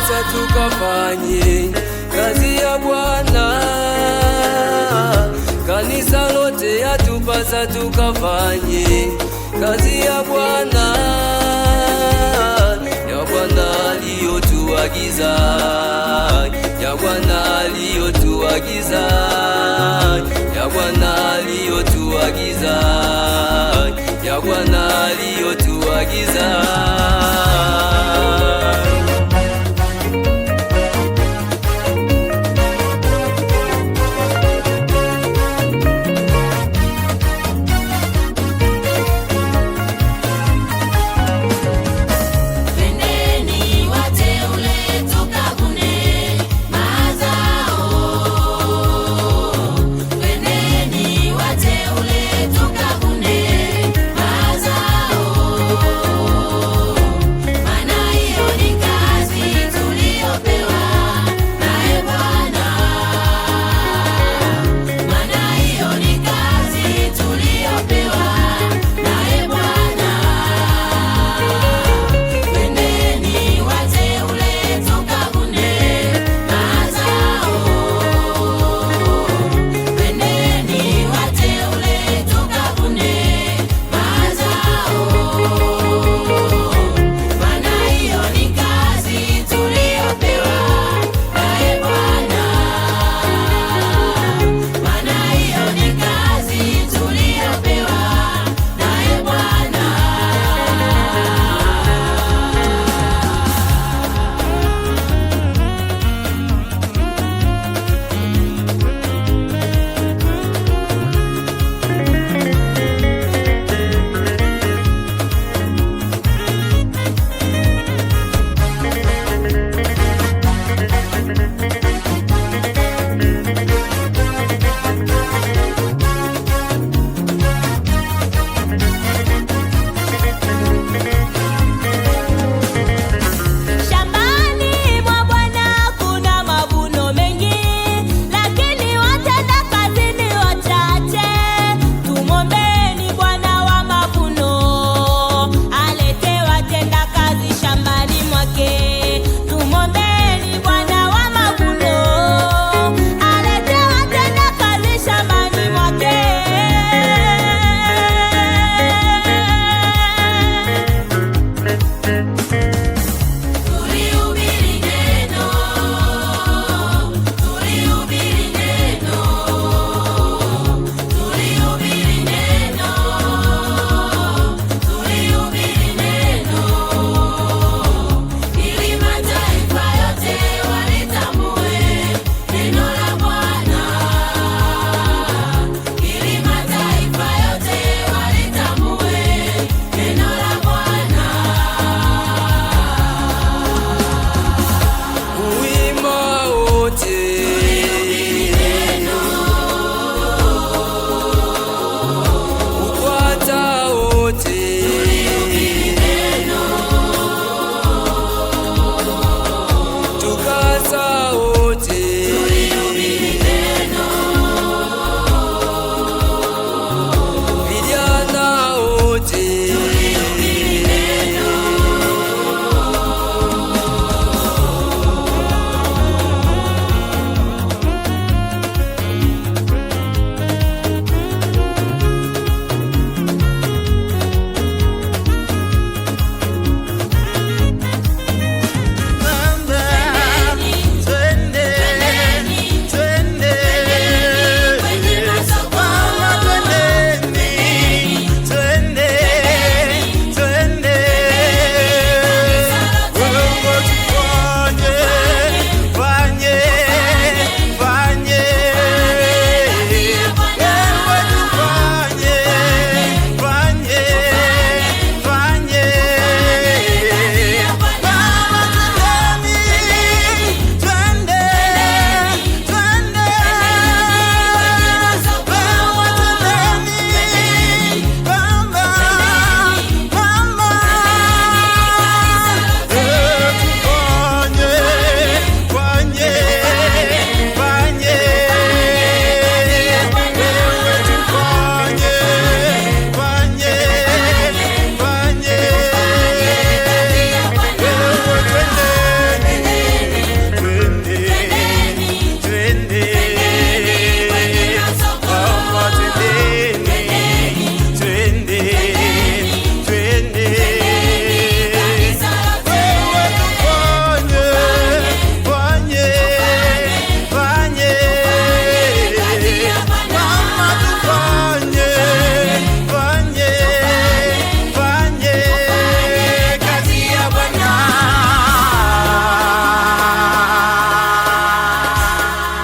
sasa tukafanye kazi ya Bwana, kanisa lote yatupasa tukafanye kazi ya Bwana, ya Bwana aliyotuagiza, ya Bwana aliyotuagiza, ya Bwana aliyotuagiza